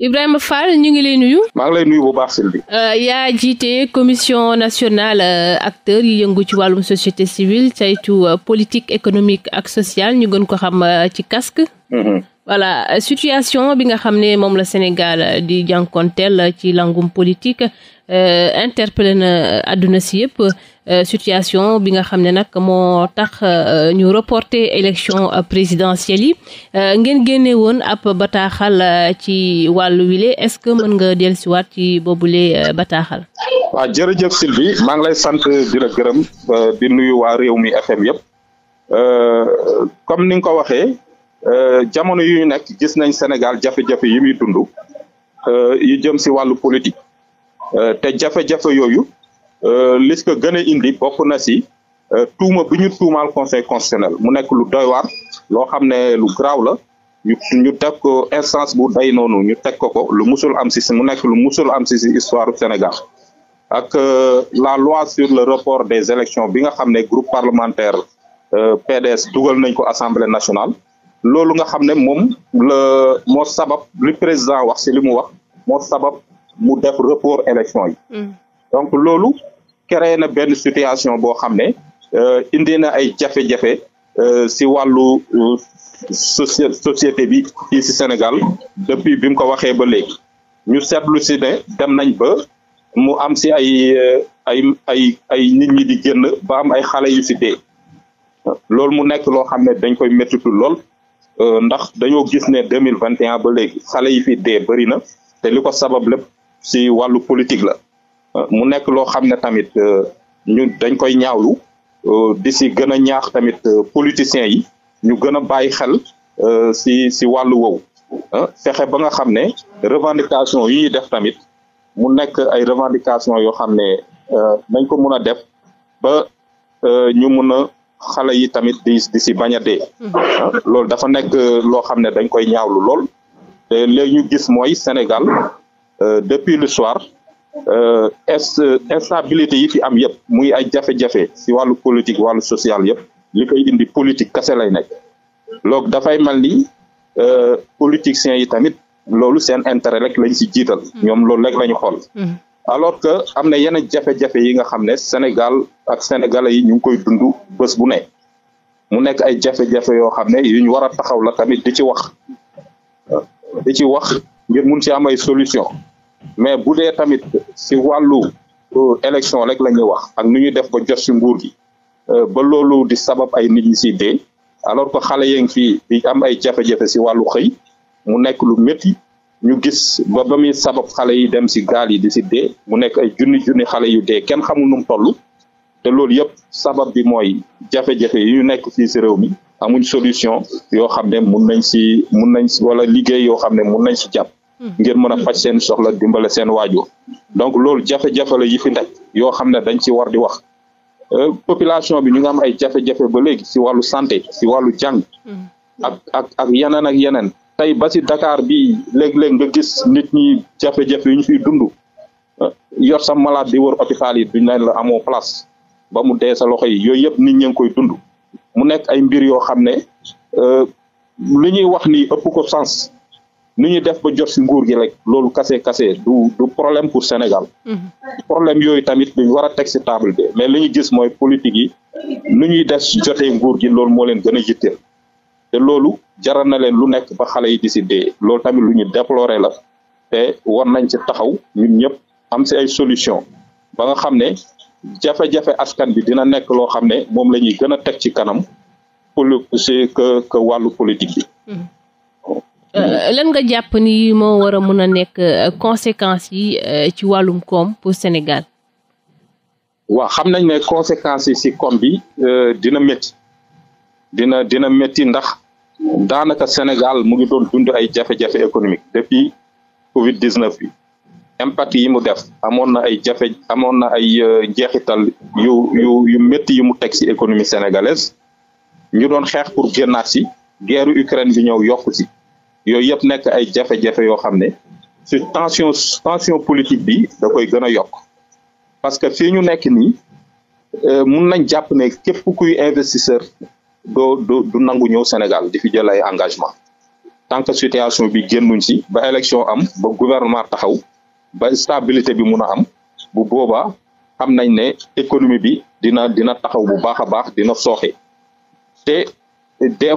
Ibrahima Fall ñu ngi lay nuyu. maa ngi lay nuyu bu baax euh, yaa jiite commission nationale euh, acteur yi yëngu ci wàllum société civile saytu euh, politique économique ak sociale ñu gën ko xam ci casque. wala mm-hmm. situation bi nga xam ne moom la Sénégal di jànkonteel ci langum politique interpellé na àdduna si yëpp. Euh, situation bi nga xam ne nag moo tax euh, ñu reporter élection euh, présidentielle yi ngeen génne woon ab bataaxal ci wàllu wile est-ce que mën nga dellusiwaat ci boobule bataaxal. waa jërëjëf Sylvie maa ngi lay sant di la gërëm di nuyu waa réew mi FM yëpp comme ni ko waxee jamono yu ñu nekk gis nañ Sénégal jafe-jafe yi muy dund yu jëm si wàllu politique te jafe-jafe yooyu Euh, li si ko gën indi bokk na si euh, tuuma bi ñu tuumaal conseil constitutionnel mu nekk lu doy loo xam ne lu graaw la ñu ñu teg ko instance bu day noonu ñu teg ko ko lu musul am si si mu nekk lu musul am si si histoire Sénégal ak euh, la loi sur le report des élections bi nga xam ne groupe parlementaire PDS dugal nañ ko assemblée nationale loolu nga xam ne moom la moo sabab li président wax si li mu wax moo sabab mu def report élection yi. Mm. donc loolu créé na benn situation boo xam ne euh, indi na ay jafe-jafe euh, si wàllu euh, société bi fii si Sénégal depuis bim ko waxee ba léegi ñu seetlu si ne dem nañ ba mu am si ay ay ay ay nit ñi di génn ba am ay xale yu si dee loolu mu nekk loo xam ne dañ koy méttitu lool ndax dañoo gis ne deux mille vingt et un ba léegi xale yi fi dee bëri na te li ko sabab lépp si wàllu politique la Euh, mu nekk loo xam ne tamit euh, ñu dañ koy ñaawlu euh, di si gën a ñaax tamit politiciens yi ñu gën a bàyyi xel si si wàllu woowu fexe ba nga xam ne revendication yi ñuy def tamit mu nekk ay revendication yoo xam ne nañ ko mun a def ba ñu mun a xale yi tamit di si bañ a dee mm-hmm. loolu dafa nekk loo xam ne dañ koy ñaawlu lool te léegi ñu gis mooy Sénégal depuis le soir Euh, euh, instabilité yi fi am yëpp muy ay jafe-jafe si wàllu politique wàllu sociale yëpp li koy indi politique kase lay nekk loog dafay mel ni euh, politiciens yi tamit loolu seen intérêt rek lañ si jiital hmm. ñoom loolu rek la xool hmm. alors que am na yeneen jafe-jafe yi nga xam ne Sénégal ak sénégalais yi ñu ngi koy dund bés bu ne mu nekk ay jafe-jafe yoo xam ne yu ñu war a taxaw la tamit di ci wax di ci wax ngir mun si am ay solution mais bu dee tamit si wàllu euh, élection rek la ñuy wax ak nu ñuy def ko jot si nguur gi euh, ba loolu di sabab ay nit ñi si dee alors que xale yaa ngi fii di am ay jafe-jafe si wàllu xëy mu nekk lu métti ñu gis ba ba muy sabab xale yi dem si gaal yi di si dee mu nekk ay junni junni xale yu dee kenn xamul nu mu toll te loolu yëpp sabab bi mooy jafe-jafe yi ñu nekk fii si réew mi amuñ solution yoo xam ne mun nañ si mun nañ si wala liggéey yoo xam ne mun nañ si jàpp. ngir mën a faj seen soxla dimbale seen waajur donc loolu jafe-jafe la yi fi ndaj yoo xam ne dañ ci war di wax euh, population bi ñu nga am ay jafe-jafe ba léegi si wàllu santé si wàllu jàng ak ak ak yeneen ak yeneen tey ba si Dakar bi léeg-léeg nga gis nit ñi jafe-jafe yu ñu fiy dund euh, yor sa malade war wër hôpital yi duñ leen la amoo place ba mu dee sa loxo yi yooyu yëpp nit ñi ngi koy dund mu nekk ay mbir yoo xam ne euh, li wax ni ëpp sens ni ñu def ba jot si nguur gi rek loolu kase kase du du problème pour Sénégal mhm. problème yooyu tamit dañu war a teg si table bi mais li ñu gis mooy politique yi nu ñuy des jotee nguur gi loolu moo leen gën a yitteel te loolu jaral na leen lu nekk ba xale yi di si dee loolu tamit lu ñu déploré la te war nañ ci taxaw ñun ñëpp am si ay solution ba nga xam ne jafe-jafe askan bi dina nekk loo xam ne moom la ñuy gën a teg ci kanam pour que que wàllu politique yi Euh, lan nga jàpp ni moo war a mën a nekk euh, conséquences yi euh, ci wàllum koom pour Sénégal. waa xam nañ ne conséquences yi si koom bi dina métti dina dina métti ndax daanaka Sénégal mu ngi doon dund ay jafe-jafe économique depuis Covid 19 bi impact yi mu def amoon na ay jafe amoon na ay jeexital yu yu yu métti yu mu teg si économie sénégalaise ñu doon xeex pour génnaat si guerre Ukraine bi ñëw yokk si. yooyu yëpp nekk ay jafe-jafe yoo xam ne su tension tension politique bi da koy gën a yokk parce que fii ñu nekk nii euh, mun nañ jàpp ne képp kuy investisseur doo doo du nangu ñëw Sénégal di fi jël ay engagement tant que situation bi génnuñ si ba élection am ba gouvernement taxaw ba stabilité bi mun a am bu boobaa xam nañ ne économie bi dina dina taxaw bu baax a baax dina sooxe te des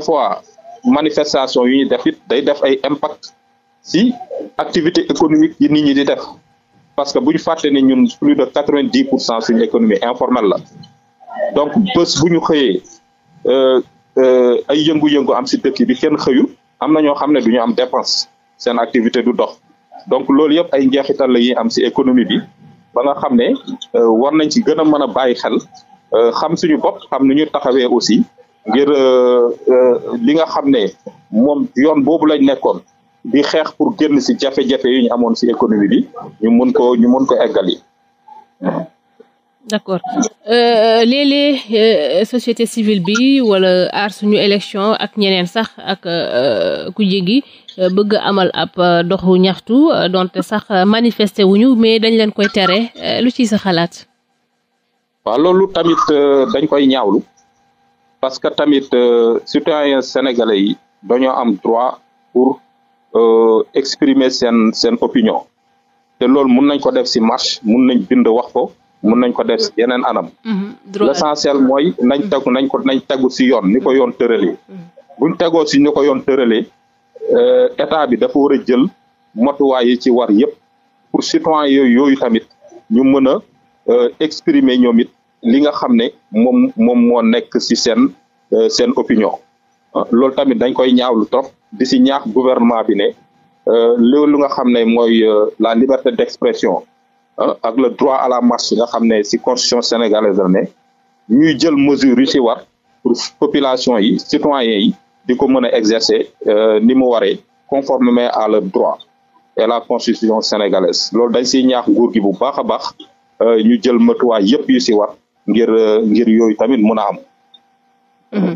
manifestation yu ñu def it day def ay impact si activité économique yi nit ñi di def parce que bu ñu fàtte ne ñun plus de quatre vingt dix pour cent suñu économie informelle la donc bés bu ñu xëyee euh, euh, ay yëngu-yëngu am si dëkk bi kenn xëyu am na ñoo xam ne du ñu am dépense seen activité du dox donc loolu yëpp ay njeexital la yi am si économie bi ba nga xam ne euh, war nañ ci gën a mën a bàyyi xel xam suñu bopp xam nu ñu taxawee aussi ngir li nga xam ne moom yoon boobu lañ nekkoon di xeex pour génn ci jafe-jafe yi ñu amoon ci économie bi ñu mun ko ñu mun ko eggali. d'accord euh, léeg-léeg euh, société civile bi wala aar suñu élection ak ñeneen sax ak euh, ku jéggi euh, bëgg amal ab euh, doxu ñaxtu euh, donte sax manifester wuñu mais dañ leen koy tere lu ciy sa xalaat. waaw loolu tamit dañ koy ñaawlu. parce que tamit euh, citoyen sénégalais yi dañoo am droit pour euh, exprimer seen seen opinion te loolu mun nañ ko def ci marche mun nañ bind wax ko mun nañ ko def ci yeneen anam mhm, l'essentiel mooy nañ mhm. tegu nañ ko nañ tegu ci yoon ni ko yoon tëralee mhm. buñ tegoo ci ni ko yoon tëralee euh, état bi dafa war a jël motuwaay yi ci war yépp pour citoyen yooyu yooyu tamit ñu mën a exprimer ñoom it li nga xam ne moom moom moo nekk ci seen euh, seen opinion ah, loolu tamit dañ koy ñaawlu trop di ci ñaax gouvernement bi ne euh, lu nga xam ne mooy euh, la liberté d'expression ah, ak le droit à la marche nga xam ne ci constitution sénégalaise la ne ñuy jël mesure yu ci war pour population yi citoyens yi di ko mën a exercer ni mu waree conformément à leur droit et la constitution sénégalaise loolu dañ ciy ñaax nguur gi bu baax a baax ñu jël matuwaay yëpp yu ci war ngir euh, ngir yooyu tamit mun a am. Mhm.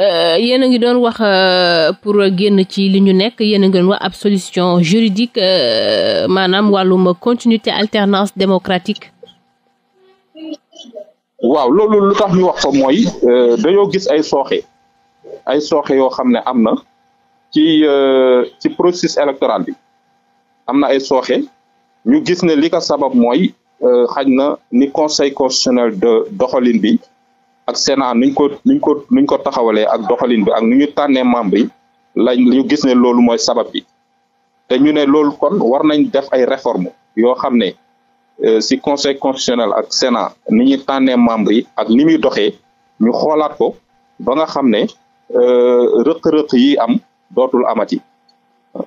Euh, yéen a ngi doon wax euh, pour génn ci li ñu nekk yéen a ngi doon wax ab solution juridique maanaam wàllum continuité alternance démocratique. waaw loolu lu tax ñu wax ko mooy dañoo gis ay sooxe ay sooxe yoo xam ne am na ci ci processus électoral bi am na ay sooxe ñu gis ne li ko sabab mooy Euh, xaj na ni conseil constitutionnel de doxalin bi ak Sénat nuñ ko nuñ ko nuñ ko taxawalee ak doxalin bi ak nu ñu tànnee membre yi lañ ñu gis ne loolu mooy sabab bi te ñu ne loolu kon war nañ def ay réformes yoo xam ne euh, si conseil constitutionnel ak Sénat ni ñuy tànnee membre yi ak ni muy doxee ñu xoolaat ko ba nga xam ne euh, rëq-rëq yi am dootul amati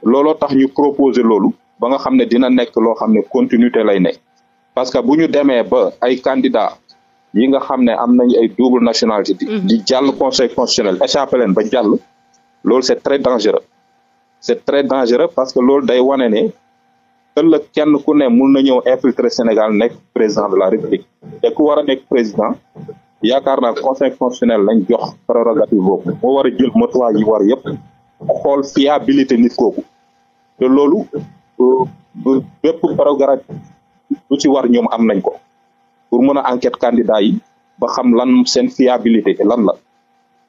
looloo tax ñu proposer loolu ba nga xam ne dina nekk loo xam ne continuité lay ne parce que bu ñu demee ba ay candidat yi nga xam ne am nañu ay double nationalité. di mhm. di jàll conseil constitutionnel échappé leen ba jàll. loolu c'est très dangereux c'est très dangereux parce que loolu day wane ne ëllëg kenn ku ne mun na ñëw infiltrer Sénégal nekk président de la République te ku war a nekk président yaakaar na conseil constitutionnel lañ jox prérogative boobu moo war a jël matuwaay yi war yëpp xool fiabilité nit kooku te loolu euh, bépp lu ci war ñoom am nañ ko pour mën a enquête candidat yi ba xam lan seen fiabilité lan la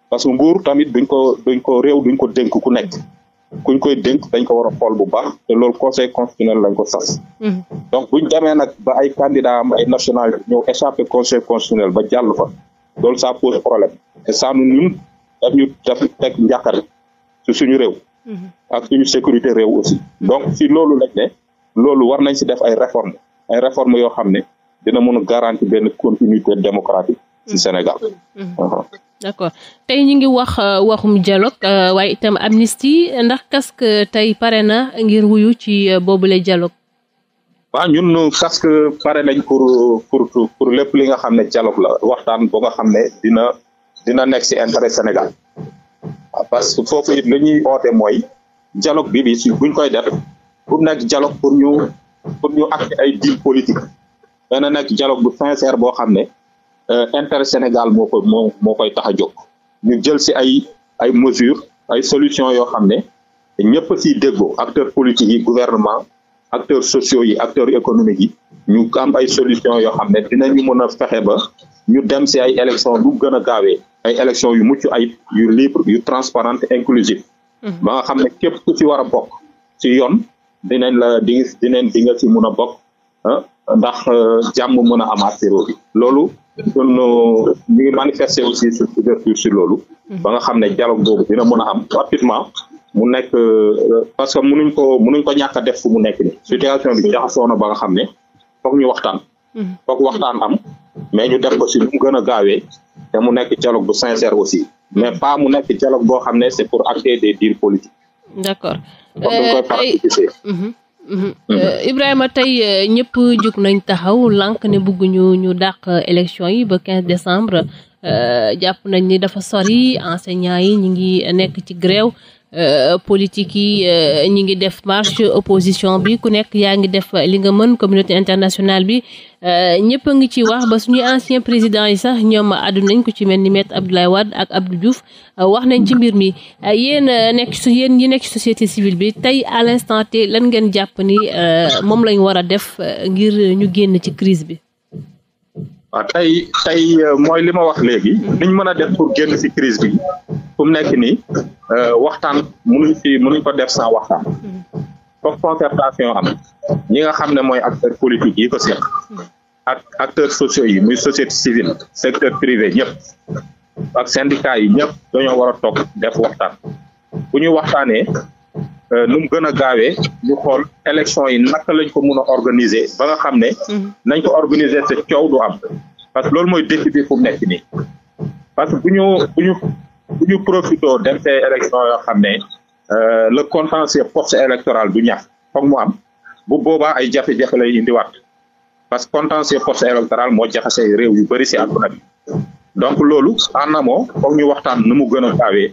parce que nguur tamit duñ ko duñ ko réew duñ ko dénk ku nekk kuñ koy dënk dañ ko war a xool bu baax te loolu conseil constitutionnel lañ ko sas mhm. donc buñ demee nag ba ay candidat am ay nationalité ñëw échappé conseil constitutionnel ba jàll fa loolu ça pose problème et ça nu ñun daf ñu daf teg njàqare ci suñu réew mhm. ak suñu sécurité réew aussi mhm. donc si loolu lañ ne loolu war nañ si def ay réformes ay réformes yoo xam ne dina mën a garantir benn continuité démocratique ci Sénégal. Mm-hmm. Uh-huh. d'accord tey ñu ngi wax euh, waxum dialogue euh, waaye itam amnistie ndax CASC euh, tey pare na ngir wuyu ci boobule dialogue. waaw ñun CASC pare nañ pour pour pour lépp li nga xam ne dialogue la waxtaan boo nga xam ne dina dina nekk ci intérêt Sénégal parce que foofu it li ñuy oote mooy dialogue bi buñ koy def pour nekk dialogue pour ñu. pour ñu acté ay deal politique dana nekk dialogue bu sincère boo xam ne euh, intérêt Sénégal moo koy moo moo koy tax a jóg ñu jël si ay ay mesures ay solutions yoo xam ne ñëpp siy déggoo acteurs politiques yi gouvernement acteurs sociaux yi acteurs économiques yi ñu am ay solutions yoo xam ne dinañu mën a fexe ba ñu dem si ay élections lu gën a gaawee ay élections yu mucc ayib yu libre yu transparente inclusive mm-hmm. ba nga xam ne képp ku ci war a bokk ci yoon dinañ la di dinañ di nga ci mun a bokk ah, ndax euh, jàmm mën a amaat ci bi loolu ñun ñu ngi manifester aussi sur ouverture sur loolu mhm. ba nga xam ne dialogue boobu dina mën a am rapidement mu nekk euh, parce que munuñ ko munuñ ko ñàkk def fu mu nekk ni situation bi jaxasoo na ba nga xam ne foog ñu waxtaan mhm. foog waxtaan am mais ñu def ko si lu mu gën a gaawee te mu nekk dialogue bu sincère aussi mais pas mu nekk dialogue boo xam ne c'est pour acter des deals politiques d'accord euh, mhm. Mhm. Mhm. Euh, Ibrahima tey euh, ñëpp jug nañ taxaw lànk ne bëgguñu ñu dàq élection yi ba quinze décembre jàpp nañ ni dafa sori enseignants yi ñu ngi nekk ci grève Euh, politique yi euh, ñu ngi def marche opposition bi ku nekk yaa ngi def li nga mën communauté internationale bi euh, ñëpp a ngi ci wax ba suñuy ancien président yi sax ñoom àdduna nañ ko ci mel ni maître Abdoulaye Wade ak Abdou Diouf wax nañ ci mbir mi yéen nekk su yéen yi nekk société civile bi tey à l'instant te lan ngeen jàpp ni moom lañ war a def ngir ñu génn ci crise bi waa tey tey euh, mooy li ma wax léegi niñ mën a def pour génn ci crise bi fu nekk nii euh, waxtaan mënuñ fi mënuñ ko def sans waxtaan foofu concertation am ñi nga xam ne mooy acteurs politiques yi ko seq ak acteurs sociaux yi muy société civile secteur privé ñëpp ak syndicats yi ñëpp dañoo war a toog def waxtaan bu ñu waxtaanee Euh, nu mu gën a gaawee ñu xool élection yi naka lañ ko mun a organiser ba nga xam ne mhm. nañ ko organiser te coow du am parce que loolu mooy défi bi fu nekk nii parce que bu ñu bu ñu bu ñu profitoo dem see élection yoo xam ne euh, le contentieux poste électorale du ñax foog mu am bu boobaa ay jafe-jafe lay indiwaat parce que contentieux poste électoral moo jaxase réew yu bëri si àdduna bi donc loolu en foog ñu waxtaan nu mu a gaawee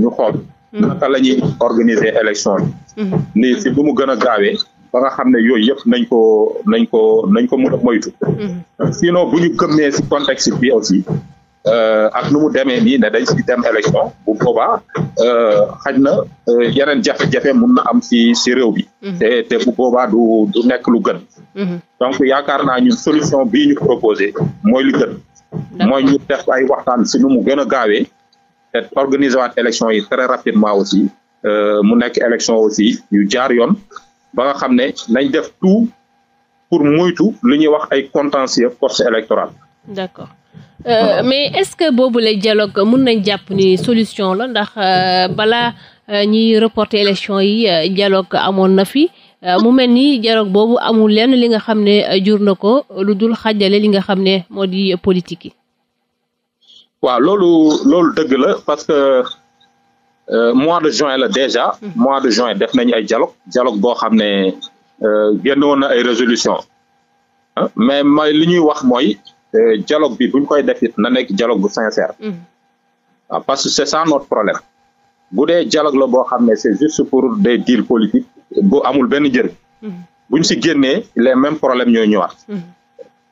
ñu xool Mm-hmm. naka la ñuy organiser élection bi mm-hmm. si bu mu gën a gaawee ba nga xam ne yooyu yëpp nañ ko nañ ko nañ ko mun a moytu mm-hmm. sinon bu ñu gëmmee si contexte bi aussi euh, ak nu mu demee nii ne dañ si dem élection bu boobaa euh, xaj na euh, yeneen jafe-jafe mun na am si si réew bi te te bu boobaa du du nekk lu gën donc yaakaar naa ñun solution bi ñu proposé mooy lu gën mooy ñu def ay waxtaan si nu mu gën a gaawee organiser waat élection yi très rapidement aussi euh, mu nekk élection aussi yu jaar yoon ba nga xam ne nañ def tout pour moytu lu ñuy wax ay contentieux force électorale d'accord Euh, mais est-ce que boobu la dialogue mun nañ jàpp ni solution la ndax euh, bala euh, ñuy reporter élection yi dialogue amoon na fi mu mel ni dialogue boobu amul lenn li nga xam ne jur na ko lu dul xàjjale li nga xam ne moo di politique yi. waaw loolu loolu dëgg la parce que euh, mois de juin la déjà mhm. mois de juin def nañu ay dialogue dialogue boo xam ne euh, génnoon na ay résolution mais may li ñuy wax mooy euh, dialogue bi buñ koy def na nekk dialogue bu sincère mhm. waaw parce que c'est ça notre problème bu dee dialogue la boo xam ne c'est juste pour de deals politiques bu amul benn njëriñ mhm. buñ si génnee les même problème ñooy ñëwaat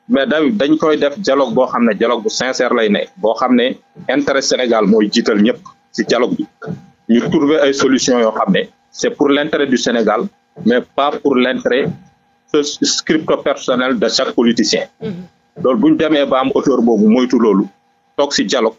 mais da dañ koy def dialogue boo xam ne dialogue bu lay ne boo xam ne intérêt Sénégal mooy jiital ñëpp ci jalog bi ñu trouver ay solution yoo xam ne c'est pour l'intérêt du Sénégal mais pas pour l'intérêt scripto personnel de chaque politicien mm-hmm. loolu bu ñu demee ba am auteur boobu moytu loolu toog ci dialogue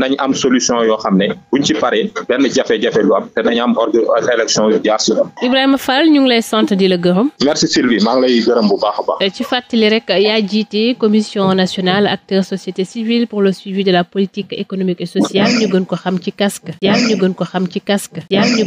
nañu am solution yoo xam ne buñ ci paree benn jafe-jafe lu am te nañ am ordre élection yu jaar si am. Ibrahima ñu ngi lay sant di la gërëm. merci Sylvie maa ngi lay gërëm bu baax a baax. Eh, ci fàttali rek yaa jiite commission nationale acteurs société civile pour le suivi de la politique économique et sociale ñu gën ko xam ci casque. yàlla ñu gën ko xam ci casque.